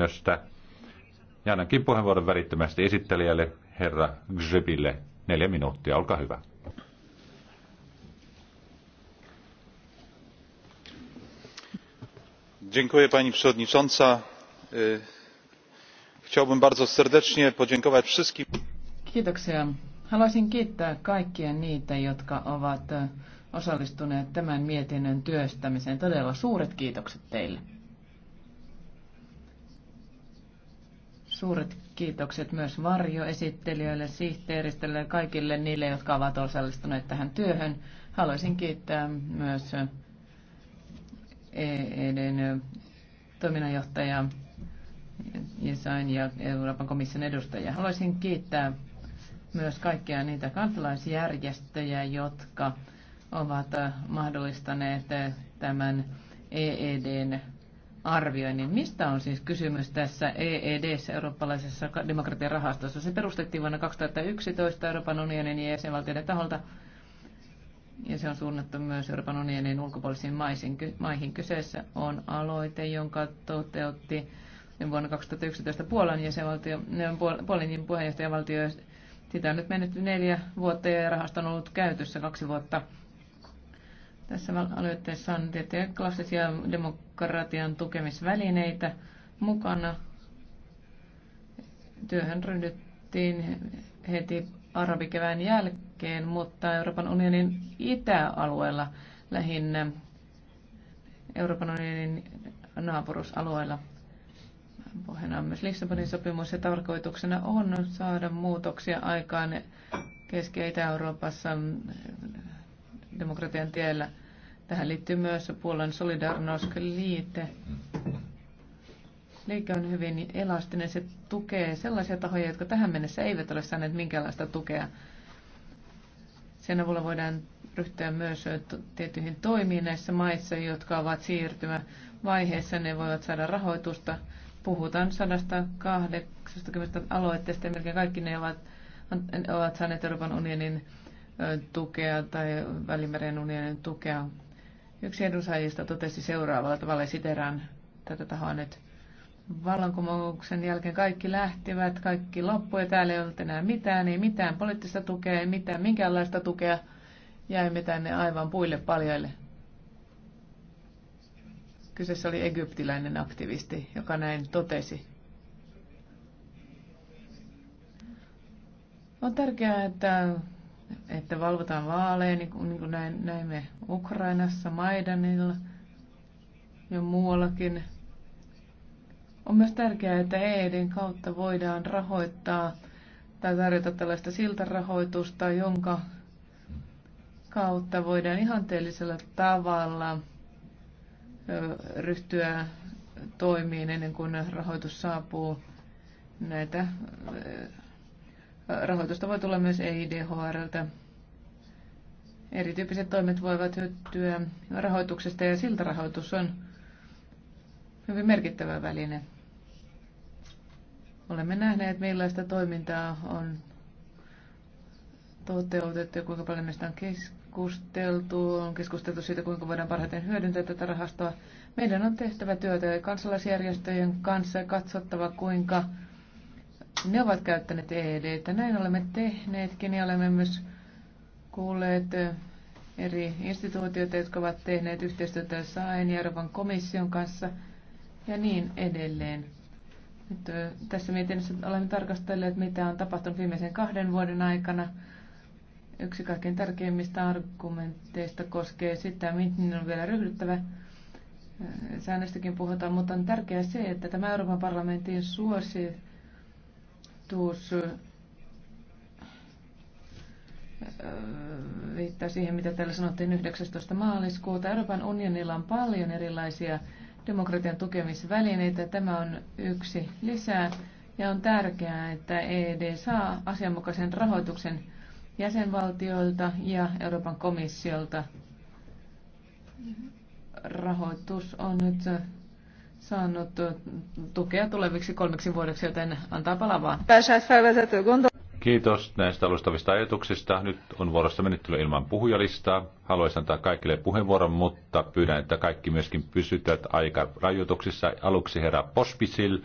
mietinnöstä. Ja annankin puheenvuoron välittömästi esittelijälle, herra Gzebille. Neljä minuuttia, olkaa hyvä. Dziękuję pani przewodnicząca! chciałbym bardzo serdecznie podziękować wszystkim Kiitoksia. Haluaisin kiittää kaikkia niitä, jotka ovat osallistuneet tämän mietinnön työstämiseen. Todella suuret kiitokset teille. Suuret kiitokset myös varjoesittelijöille, sihteeristölle ja kaikille niille, jotka ovat osallistuneet tähän työhön. Haluaisin kiittää myös EEDn toiminnanjohtaja Jesain ja Euroopan komission edustajia. Haluaisin kiittää myös kaikkia niitä kansalaisjärjestöjä, jotka ovat mahdollistaneet tämän EEDn arvioinnin. Mistä on siis kysymys tässä EED, eurooppalaisessa demokratian rahastossa? Se perustettiin vuonna 2011 Euroopan unionin ja jäsenvaltioiden taholta ja se on suunnattu myös Euroopan unionin ulkopuolisiin maihin. Kyseessä on aloite, jonka toteutti vuonna 2011 Puolan jäsenvaltio, Puolin puheenjohtajavaltio. Sitä on nyt mennyt neljä vuotta ja rahasto on ollut käytössä kaksi vuotta. Tässä aloitteessa on tiettyjä klassisia demokratian tukemisvälineitä mukana. Työhön ryhdyttiin heti arabikevään jälkeen, mutta Euroopan unionin itäalueella lähinnä Euroopan unionin naapurusalueella. Pohjana on myös Lissabonin sopimus ja tarkoituksena on saada muutoksia aikaan Keski- ja Itä-Euroopassa demokratian tiellä. Tähän liittyy myös Puolan Solidarnosc-liite. Liike on hyvin elastinen. Se tukee sellaisia tahoja, jotka tähän mennessä eivät ole saaneet minkäänlaista tukea. Sen avulla voidaan ryhtyä myös tiettyihin toimiin näissä maissa, jotka ovat siirtymävaiheessa. Ne voivat saada rahoitusta. Puhutaan 180 aloitteesta ja melkein kaikki ne ovat, ovat saaneet Euroopan unionin tukea tai Välimeren unionin tukea. Yksi edusajista totesi seuraavalla tavalla, siteraan tätä tahoa nyt. Vallankumouksen jälkeen kaikki lähtivät, kaikki loppui täällä ei ollut enää mitään, ei mitään poliittista tukea, ei mitään minkäänlaista tukea. Jäimme tänne aivan puille paljaille. Kyseessä oli egyptiläinen aktivisti, joka näin totesi. On tärkeää, että että valvotaan vaaleja, niin kuin, niin kuin näin, näimme Ukrainassa, Maidanilla ja muuallakin. On myös tärkeää, että EEDin kautta voidaan rahoittaa tai tarjota tällaista siltarahoitusta, jonka kautta voidaan ihanteellisella tavalla ryhtyä toimiin ennen kuin rahoitus saapuu näitä Rahoitusta voi tulla myös EIDHRltä. Erityyppiset toimet voivat hyötyä rahoituksesta ja siltarahoitus on hyvin merkittävä väline. Olemme nähneet, millaista toimintaa on toteutettu ja kuinka paljon näistä on keskusteltu. On keskusteltu siitä, kuinka voidaan parhaiten hyödyntää tätä rahastoa. Meidän on tehtävä työtä kansalaisjärjestöjen kanssa ja katsottava, kuinka ne ovat käyttäneet EDtä. Näin olemme tehneetkin ja olemme myös kuulleet eri instituutioita, jotka ovat tehneet yhteistyötä SAEN ja Euroopan komission kanssa ja niin edelleen. Nyt tässä mietinnössä olemme tarkastelleet, mitä on tapahtunut viimeisen kahden vuoden aikana. Yksi kaikkein tärkeimmistä argumenteista koskee sitä, mihin on vielä ryhdyttävä. Säännöstäkin puhutaan, mutta on tärkeää se, että tämä Euroopan parlamentin suosi ehdotus viittaa siihen, mitä täällä sanottiin 19. maaliskuuta. Euroopan unionilla on paljon erilaisia demokratian tukemisvälineitä. Tämä on yksi lisää ja on tärkeää, että ED saa asianmukaisen rahoituksen jäsenvaltioilta ja Euroopan komissiolta. Rahoitus on nyt saanut tukea tuleviksi kolmeksi vuodeksi, joten antaa palavaa. Kiitos näistä alustavista ajatuksista. Nyt on vuorossa menettely ilman puhujalistaa. Haluaisin antaa kaikille puheenvuoron, mutta pyydän, että kaikki myöskin pysytät rajoituksissa. Aluksi herra Pospisil.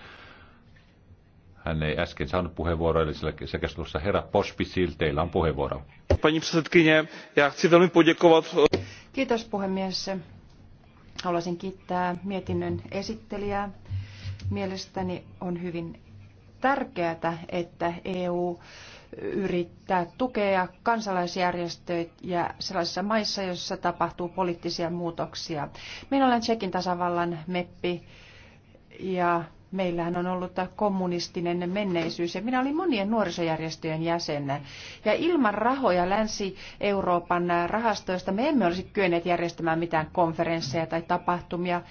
Hän ei äsken saanut puheenvuoroa, eli sillä keskustelussa herra Pospisil, teillä on puheenvuoro. Pani ja chci velmi poděkovat. Kiitos puhemies. Haluaisin kiittää mietinnön esittelijää. Mielestäni on hyvin tärkeää, että EU yrittää tukea ja sellaisissa maissa, joissa tapahtuu poliittisia muutoksia. Minä olen Tsekin tasavallan meppi ja Meillähän on ollut kommunistinen menneisyys ja minä olin monien nuorisojärjestöjen jäsenä. Ja ilman rahoja Länsi-Euroopan rahastoista me emme olisi kyenneet järjestämään mitään konferensseja tai tapahtumia,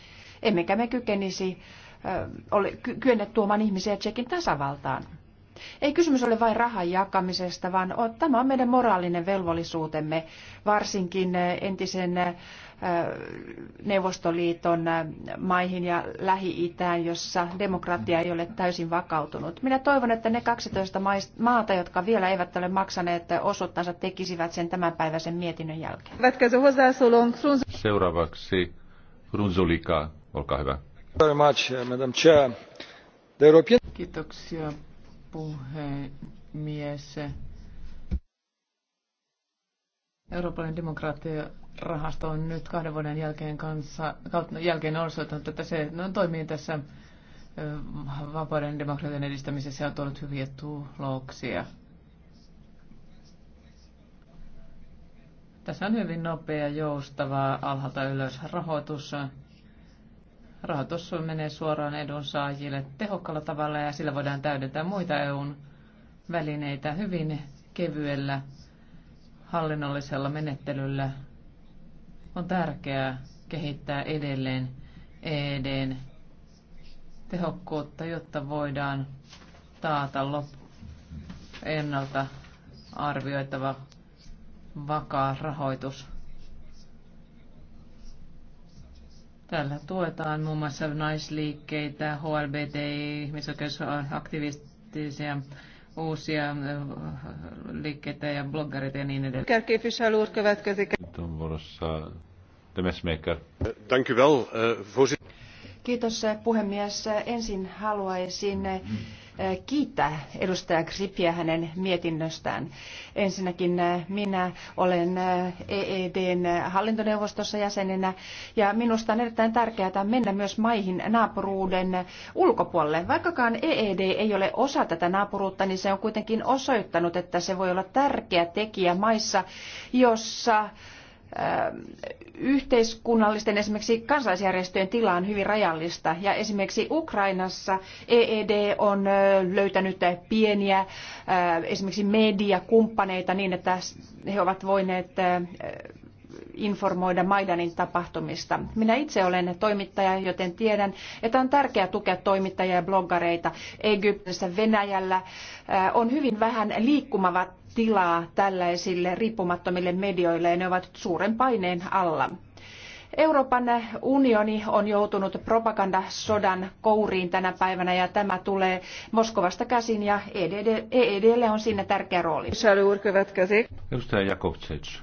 emmekä me kykenisi kyenneet tuomaan ihmisiä Tsekin tasavaltaan. Ei kysymys ole vain rahan jakamisesta, vaan tämä on meidän moraalinen velvollisuutemme, varsinkin entisen Neuvostoliiton maihin ja Lähi-Itään, jossa demokratia ei ole täysin vakautunut. Minä toivon, että ne 12 maata, jotka vielä eivät ole maksaneet osuuttansa, tekisivät sen tämänpäiväisen mietinnön jälkeen. Seuraavaksi Runzulika, olkaa hyvä. Kiitoksia puhemies. Euroopan rahasto on nyt kahden vuoden jälkeen, kanssa, jälkeen osoittanut, että se no, toimii tässä vapauden demokratian edistämisessä ja on tuonut hyviä tuloksia. Tässä on hyvin nopea, joustava, alhaalta ylös rahoitus. Rahoitus menee suoraan edunsaajille tehokkaalla tavalla ja sillä voidaan täydentää muita EUn välineitä hyvin kevyellä hallinnollisella menettelyllä. On tärkeää kehittää edelleen EDn tehokkuutta, jotta voidaan taata loppu ennalta arvioitava vakaa rahoitus. Tällä tuetaan muun muassa naisliikkeitä, HLBT, ihmisoikeusaktivistisia uusia äh, liikkeitä ja bloggerit ja niin edelleen. Nyt on vuorossa Demesmaker. Dank u wel, äh, voorzitter. Kiitos äh, puhemies. Ensin haluaisin mm-hmm kiittää edustaja Gripiä hänen mietinnöstään. Ensinnäkin äh, minä olen äh, EEDn äh, hallintoneuvostossa jäsenenä ja minusta on erittäin tärkeää mennä myös maihin naapuruuden ulkopuolelle. Vaikkakaan EED ei ole osa tätä naapuruutta, niin se on kuitenkin osoittanut, että se voi olla tärkeä tekijä maissa, jossa yhteiskunnallisten esimerkiksi kansalaisjärjestöjen tila on hyvin rajallista ja esimerkiksi Ukrainassa EED on löytänyt pieniä esimerkiksi mediakumppaneita niin, että he ovat voineet informoida Maidanin tapahtumista. Minä itse olen toimittaja, joten tiedän, että on tärkeää tukea toimittajia ja bloggareita Egyptissä, Venäjällä. Äh, on hyvin vähän liikkumavat tilaa tällaisille riippumattomille medioille ja ne ovat suuren paineen alla. Euroopan unioni on joutunut propagandasodan kouriin tänä päivänä ja tämä tulee Moskovasta käsin ja EDD, EEDlle on siinä tärkeä rooli. Edustaja Jakovtsets.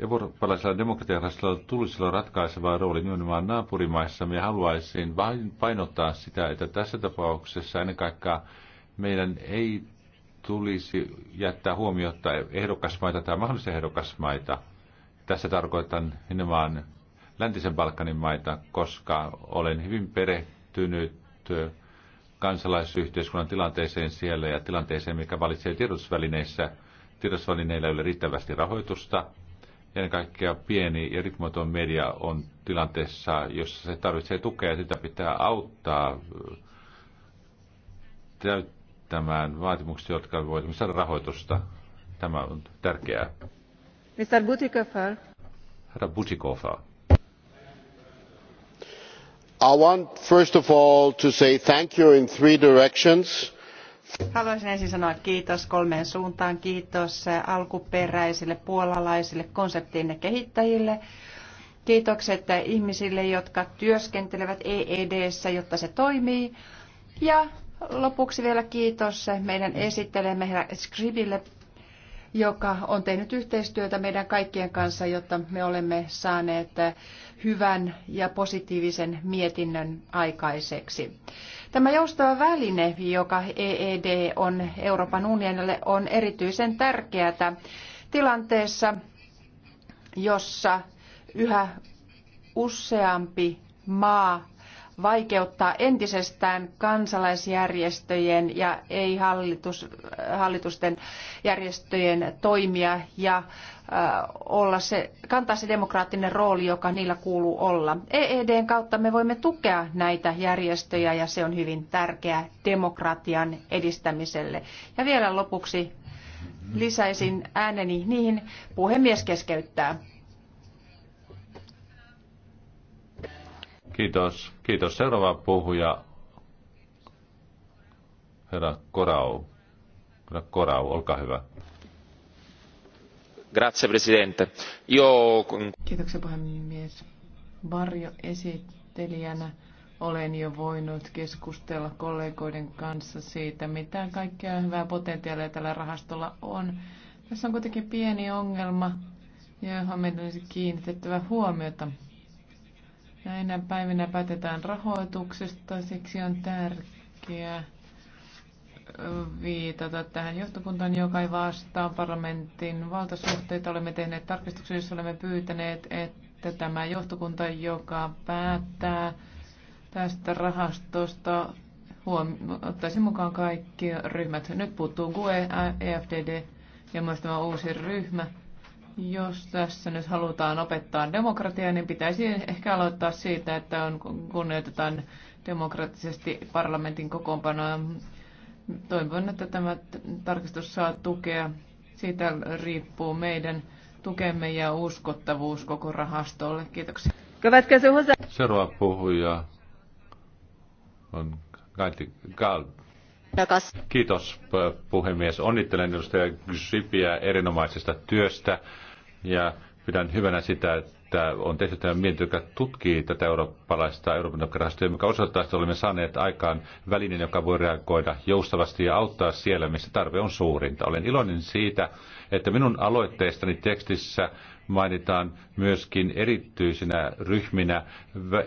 eurooppalaisella demokratialaisella tulisi olla ratkaiseva rooli nimenomaan naapurimaissa. Me haluaisin vain painottaa sitä, että tässä tapauksessa ennen kaikkea meidän ei tulisi jättää huomiota ehdokasmaita tai mahdollisia ehdokasmaita. Tässä tarkoitan nimenomaan läntisen Balkanin maita, koska olen hyvin perehtynyt kansalaisyhteiskunnan tilanteeseen siellä ja tilanteeseen, mikä valitsee tiedotusvälineissä. Tiedotusvälineillä ei ole riittävästi rahoitusta – ennen kaikkea pieni ja ritmoton media on tilanteessa, jossa se tarvitsee tukea ja sitä pitää auttaa äh, täyttämään vaatimuksia, jotka voivat saada rahoitusta. Tämä on tärkeää. Mr. Butikofer. Herra Butikofer. I want first of all to say thank you in three directions Haluaisin ensin sanoa kiitos kolmeen suuntaan. Kiitos alkuperäisille puolalaisille konseptinne kehittäjille. Kiitokset ihmisille, jotka työskentelevät EEDssä, jotta se toimii. Ja lopuksi vielä kiitos meidän esittelemme herra joka on tehnyt yhteistyötä meidän kaikkien kanssa, jotta me olemme saaneet hyvän ja positiivisen mietinnön aikaiseksi. Tämä joustava väline, joka EED on Euroopan unionille, on erityisen tärkeää tilanteessa, jossa yhä useampi maa vaikeuttaa entisestään kansalaisjärjestöjen ja ei-hallitusten järjestöjen toimia ja olla se, kantaa se demokraattinen rooli, joka niillä kuuluu olla. EEDn kautta me voimme tukea näitä järjestöjä ja se on hyvin tärkeää demokratian edistämiselle. Ja vielä lopuksi lisäisin ääneni niihin puhemies keskeyttää. Kiitos. Kiitos. Seuraava puhuja, herra Korau. Herra Korau, olkaa hyvä. Grazie, presidente. Io... Kiitoksia, puhemies. Varjo esittelijänä olen jo voinut keskustella kollegoiden kanssa siitä, mitä kaikkea hyvää potentiaalia tällä rahastolla on. Tässä on kuitenkin pieni ongelma, johon meidän olisi kiinnitettävä huomiota. Näinä päivinä päätetään rahoituksesta, siksi on tärkeää viitata tähän johtokuntaan, joka ei vastaa parlamentin valtasuhteita. Olemme tehneet tarkistuksen, jossa olemme pyytäneet, että tämä johtokunta, joka päättää tästä rahastosta, ottaisi mukaan kaikki ryhmät. Nyt puuttuu GUE, EFDD ja myös tämä uusi ryhmä. Jos tässä nyt halutaan opettaa demokratiaa, niin pitäisi ehkä aloittaa siitä, että on, kunnioitetaan demokraattisesti parlamentin kokoonpanoa. Toivon, että tämä tarkistus saa tukea. Siitä riippuu meidän tukemme ja uskottavuus koko rahastolle. Kiitoksia. Seuraava puhuja on Gaiti Kiitos puhemies. Onnittelen edustaja Gysipiä erinomaisesta työstä ja pidän hyvänä sitä, että on tehty tämä mietintö, joka tutkii tätä eurooppalaista Euroopan rahastoa, joka osoittaa, että olemme saaneet aikaan välinen, joka voi reagoida joustavasti ja auttaa siellä, missä tarve on suurinta. Olen iloinen siitä, että minun aloitteestani tekstissä mainitaan myöskin erityisinä ryhminä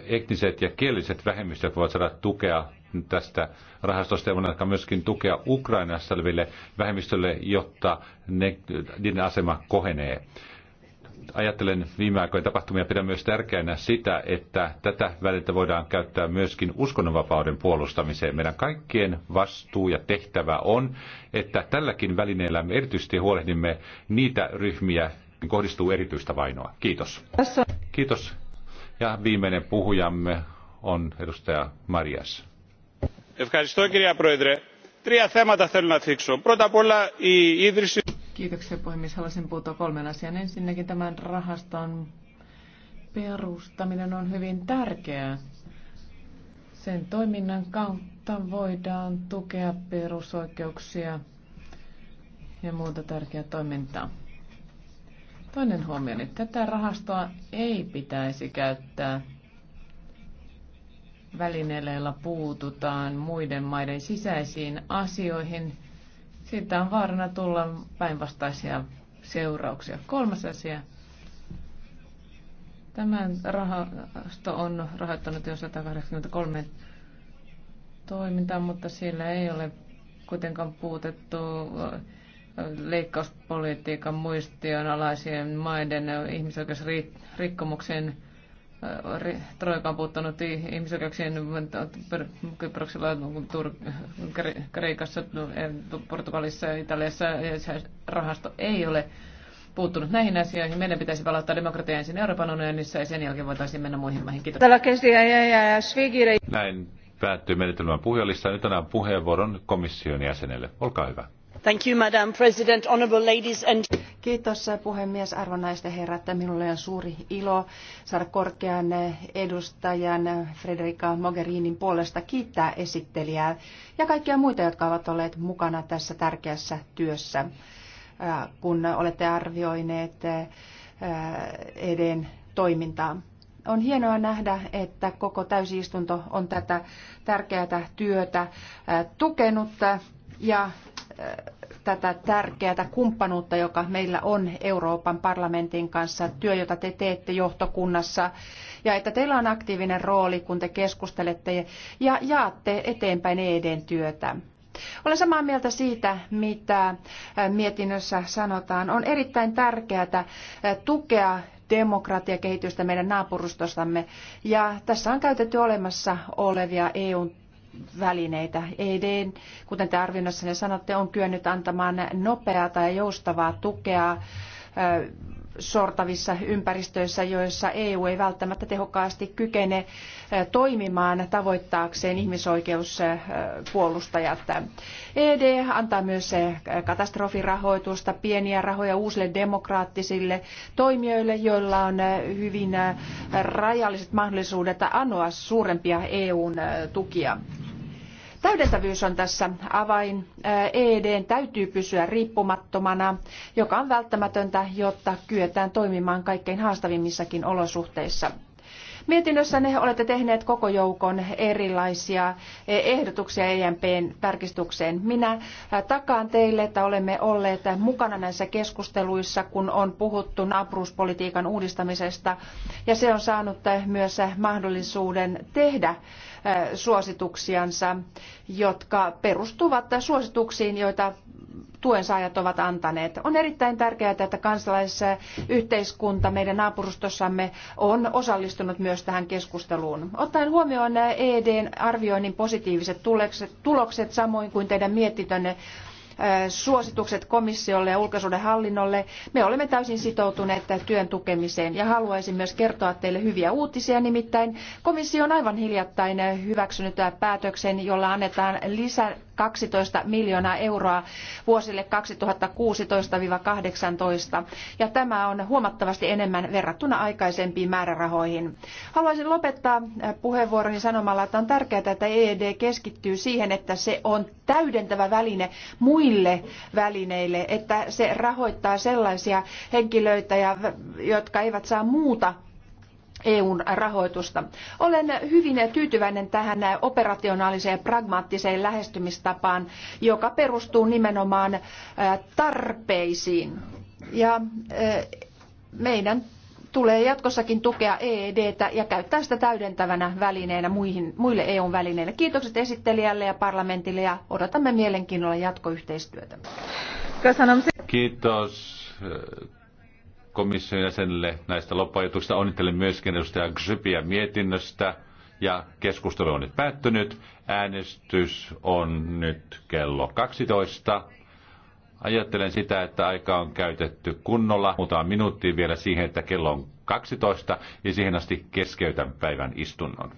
etniset ja kieliset vähemmistöt voivat saada tukea tästä rahastosta ja voidaan myöskin tukea Ukrainassa oleville vähemmistölle, jotta ne, niiden asema kohenee ajattelen viime aikojen tapahtumia, pidän myös tärkeänä sitä, että tätä välintä voidaan käyttää myöskin uskonnonvapauden puolustamiseen. Meidän kaikkien vastuu ja tehtävä on, että tälläkin välineellä me erityisesti huolehdimme niitä ryhmiä, joihin kohdistuu erityistä vainoa. Kiitos. Kiitos. Ja viimeinen puhujamme on edustaja Marias. Ευχαριστώ κυρία Πρόεδρε. Τρία θέματα θέλω να θίξω. Πρώτα απ' όλα η ίδρυση Kiitoksia puhemies. Haluaisin puuttua kolmen asian. Ensinnäkin tämän rahaston perustaminen on hyvin tärkeää. Sen toiminnan kautta voidaan tukea perusoikeuksia ja muuta tärkeää toimintaa. Toinen huomio, että tätä rahastoa ei pitäisi käyttää välineellä puututaan muiden maiden sisäisiin asioihin – siitä on vaarana tulla päinvastaisia seurauksia. Kolmas asia. Tämä rahasto on rahoittanut jo 183 toimintaa, mutta siellä ei ole kuitenkaan puutettu äh, leikkauspolitiikan muistion alaisien maiden ihmisoikeusrikkomuksen Troika on puuttunut ihmisoikeuksien Kyproksella, Kreikassa, Portugalissa ja Italiassa. Ja se Rahasto ei ole puuttunut näihin asioihin. Meidän pitäisi palauttaa demokratia ensin Euroopan unionissa ja sen jälkeen voitaisiin mennä muihin maihin. Kiitos. Näin päättyy menetelmän puhujalista. Nyt annan puheenvuoron komission jäsenelle. Olkaa hyvä madam president honourable ladies and puhemies, arvon naisten herrat. Minulle on suuri ilo saada korkean edustajan federica Mogherinin puolesta kiittää esittelijää ja kaikkia muita, jotka ovat olleet mukana tässä tärkeässä työssä, äh, kun olette arvioineet äh, EDn toimintaa. On hienoa nähdä, että koko täysistunto on tätä tärkeää työtä äh, tukenut ja tätä tärkeää kumppanuutta, joka meillä on Euroopan parlamentin kanssa, työ, jota te teette johtokunnassa, ja että teillä on aktiivinen rooli, kun te keskustelette ja jaatte eteenpäin EDn työtä. Olen samaa mieltä siitä, mitä mietinnössä sanotaan. On erittäin tärkeää tukea demokratiakehitystä meidän naapurustostamme. Ja tässä on käytetty olemassa olevia EUn välineitä. ED, kuten te arvioinnassanne sanotte, on kyennyt antamaan nopeaa ja joustavaa tukea sortavissa ympäristöissä, joissa EU ei välttämättä tehokkaasti kykene toimimaan tavoittaakseen ihmisoikeuspuolustajat. ED antaa myös katastrofirahoitusta, pieniä rahoja uusille demokraattisille toimijoille, joilla on hyvin rajalliset mahdollisuudet anoa suurempia EUn tukia. Täydentävyys on tässä avain. EED täytyy pysyä riippumattomana, joka on välttämätöntä, jotta kyetään toimimaan kaikkein haastavimmissakin olosuhteissa. Mietinnössänne olette tehneet koko joukon erilaisia eh, ehdotuksia EMPn tarkistukseen. Minä eh, takaan teille, että olemme olleet mukana näissä keskusteluissa, kun on puhuttu naapuruuspolitiikan uudistamisesta, ja se on saanut eh, myös mahdollisuuden tehdä suosituksiansa, jotka perustuvat suosituksiin, joita Tuen saajat ovat antaneet. On erittäin tärkeää, että kansalaisyhteiskunta meidän naapurustossamme on osallistunut myös tähän keskusteluun. Ottaen huomioon EDn arvioinnin positiiviset tulokset, samoin kuin teidän mietitönne suositukset komissiolle ja ulkosuhdehallinnolle. Me olemme täysin sitoutuneet työn tukemiseen ja haluaisin myös kertoa teille hyviä uutisia. Nimittäin komissio on aivan hiljattain hyväksynyt päätöksen, jolla annetaan lisää 12 miljoonaa euroa vuosille 2016 2018 ja tämä on huomattavasti enemmän verrattuna aikaisempiin määrärahoihin. Haluaisin lopettaa äh, puheenvuoroni sanomalla, että on tärkeää, että EED keskittyy siihen, että se on täydentävä väline muille välineille, että se rahoittaa sellaisia henkilöitä, jotka eivät saa muuta EUn rahoitusta. Olen hyvin tyytyväinen tähän operationaaliseen pragmaattiseen lähestymistapaan, joka perustuu nimenomaan äh, tarpeisiin. Ja äh, meidän tulee jatkossakin tukea EEDtä ja käyttää sitä täydentävänä välineenä muihin, muille EUn välineille. Kiitokset esittelijälle ja parlamentille ja odotamme mielenkiinnolla jatkoyhteistyötä. Kiitos komission jäsenille näistä loppuajatuksista. Onnittelen myöskin edustaja Gzypiä mietinnöstä. Ja keskustelu on nyt päättynyt. Äänestys on nyt kello 12. Ajattelen sitä, että aika on käytetty kunnolla. Muutama minuutti vielä siihen, että kello on 12 ja siihen asti keskeytän päivän istunnon.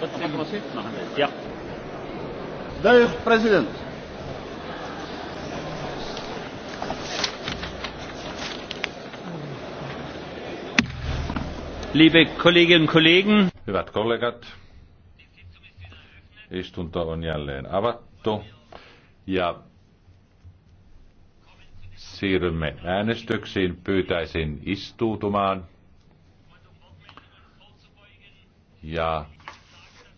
wird den Liebe Kolleginnen und Kollegen. Hyvät kollegat, istunto on jälleen avattu ja siirrymme äänestyksiin. Pyytäisin istuutumaan ja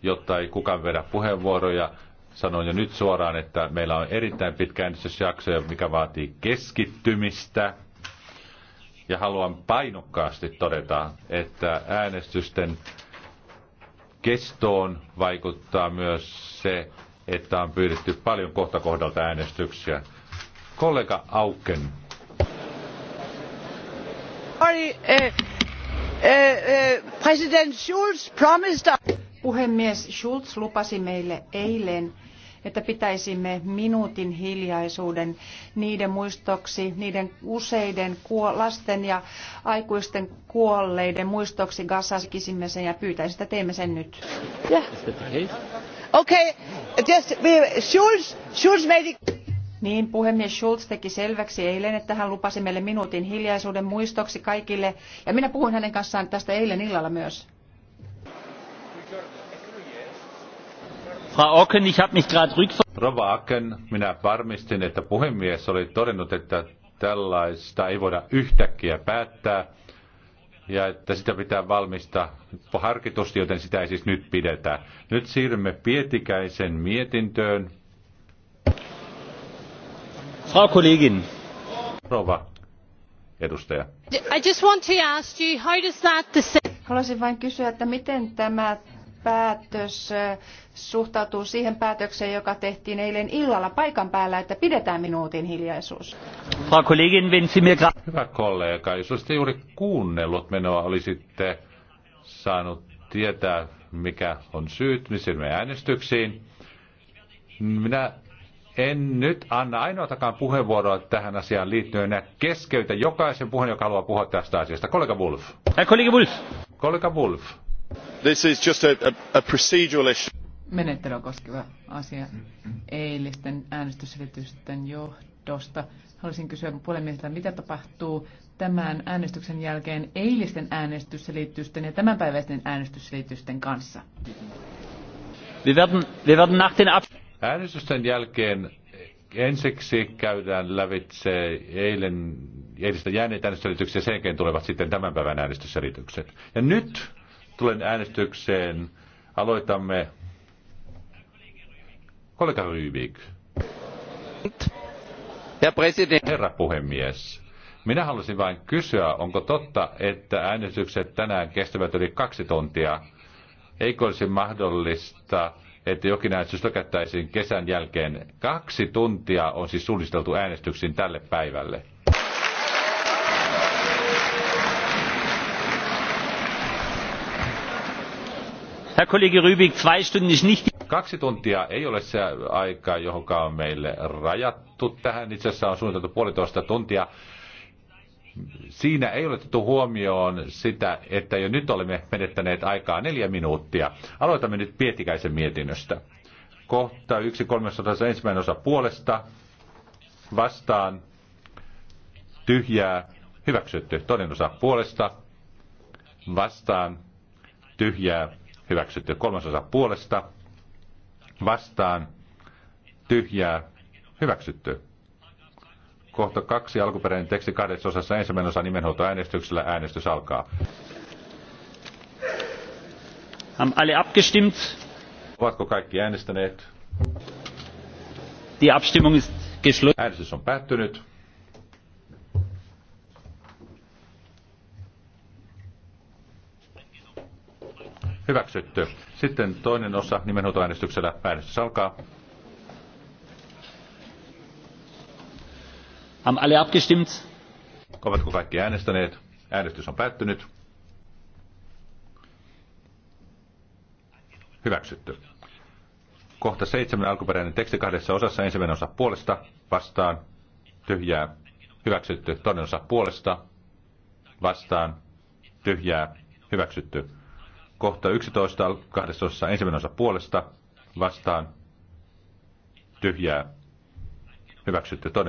jotta ei kukaan vedä puheenvuoroja. Sanoin jo nyt suoraan, että meillä on erittäin pitkä äänestysjakso, mikä vaatii keskittymistä. Ja haluan painokkaasti todeta, että äänestysten kestoon vaikuttaa myös se, että on pyydetty paljon kohta kohdalta äänestyksiä. Kollega Auken. Sorry, eh, eh, eh, President Schulz promised... Puhemies Schulz lupasi meille eilen, että pitäisimme minuutin hiljaisuuden niiden muistoksi, niiden useiden lasten ja aikuisten kuolleiden muistoksi Gazaskisimme sen ja pyytäisin, että teemme sen nyt. Yeah. Okay. Just, Schulz, Schulz made it. Niin, puhemies Schulz teki selväksi eilen, että hän lupasi meille minuutin hiljaisuuden muistoksi kaikille, ja minä puhuin hänen kanssaan tästä eilen illalla myös. Frau Ocken, ich habe mich gerade Rova Aken, minä varmistin, että puhemies oli todennut, että tällaista ei voida yhtäkkiä päättää ja että sitä pitää valmista harkitusti, joten sitä ei siis nyt pidetä. Nyt siirrymme Pietikäisen mietintöön. Frau Kollegin. Rova edustaja. I just want to ask you, how does that Haluaisin vain kysyä, että miten tämä päätös suhtautuu siihen päätökseen, joka tehtiin eilen illalla paikan päällä, että pidetään minuutin hiljaisuus. Hyvä kollega, jos olisitte juuri kuunnellut menoa, olisitte saanut tietää, mikä on syyt, missä me äänestyksiin. Minä en nyt anna ainoatakaan puheenvuoroa tähän asiaan liittyen enää keskeytä jokaisen puheen, joka haluaa puhua tästä asiasta. Kollega Wolf. Herr Wolf. Kollega Wolf. This is just a, a procedural issue. Menettelyä koskeva asia eilisten äänestysselitysten johdosta. Haluaisin kysyä puhemieheltä, mitä tapahtuu tämän äänestyksen jälkeen eilisten äänestysselitysten ja tämänpäiväisten äänestysselitysten kanssa? Wir werden, wir werden nach den Äänestysten jälkeen ensiksi käydään lävitse eilen, eilistä jääneet ja sen jälkeen tulevat sitten tämän päivän äänestysselitykset. Ja nyt tulen äänestykseen. Aloitamme. Kollega Rybik. Herra puhemies. Minä halusin vain kysyä, onko totta, että äänestykset tänään kestävät yli kaksi tuntia? Eikö olisi mahdollista, että jokin äänestys lykättäisiin kesän jälkeen? Kaksi tuntia on siis suunniteltu äänestyksiin tälle päivälle. Herr Kollege Rübig, zwei Stunden ist nicht... Kaksi tuntia ei ole se aika, johon on meille rajattu tähän. Itse asiassa on suunniteltu puolitoista tuntia. Siinä ei ole otettu huomioon sitä, että jo nyt olemme menettäneet aikaa neljä minuuttia. Aloitamme nyt Pietikäisen mietinnöstä. Kohta yksi kolmesataa ensimmäinen osa puolesta. Vastaan. Tyhjää. Hyväksytty. Toinen osa puolesta. Vastaan. Tyhjää hyväksytty. Kolmasosa puolesta, vastaan, tyhjää, hyväksytty. Kohta kaksi alkuperäinen teksti kahdessa osassa ensimmäinen osa nimenhuoltoäänestyksellä. Äänestys alkaa. Am alle abgestimmt? Ovatko kaikki äänestäneet? Die Abstimmung ist geschlossen. Äänestys on päättynyt. Hyväksytty. Sitten toinen osa nimenhuutoäänestyksellä. Äänestys alkaa. Haben alle abgestimmt? Ovatko kaikki äänestäneet? Äänestys on päättynyt. Hyväksytty. Kohta seitsemän alkuperäinen teksti kahdessa osassa. Ensimmäinen osa puolesta, vastaan, tyhjää, hyväksytty. Toinen osa puolesta, vastaan, tyhjää, hyväksytty. Kohta 11, 12, ensimmäinen osa puolesta, vastaan, tyhjää, hyväksytte Toinen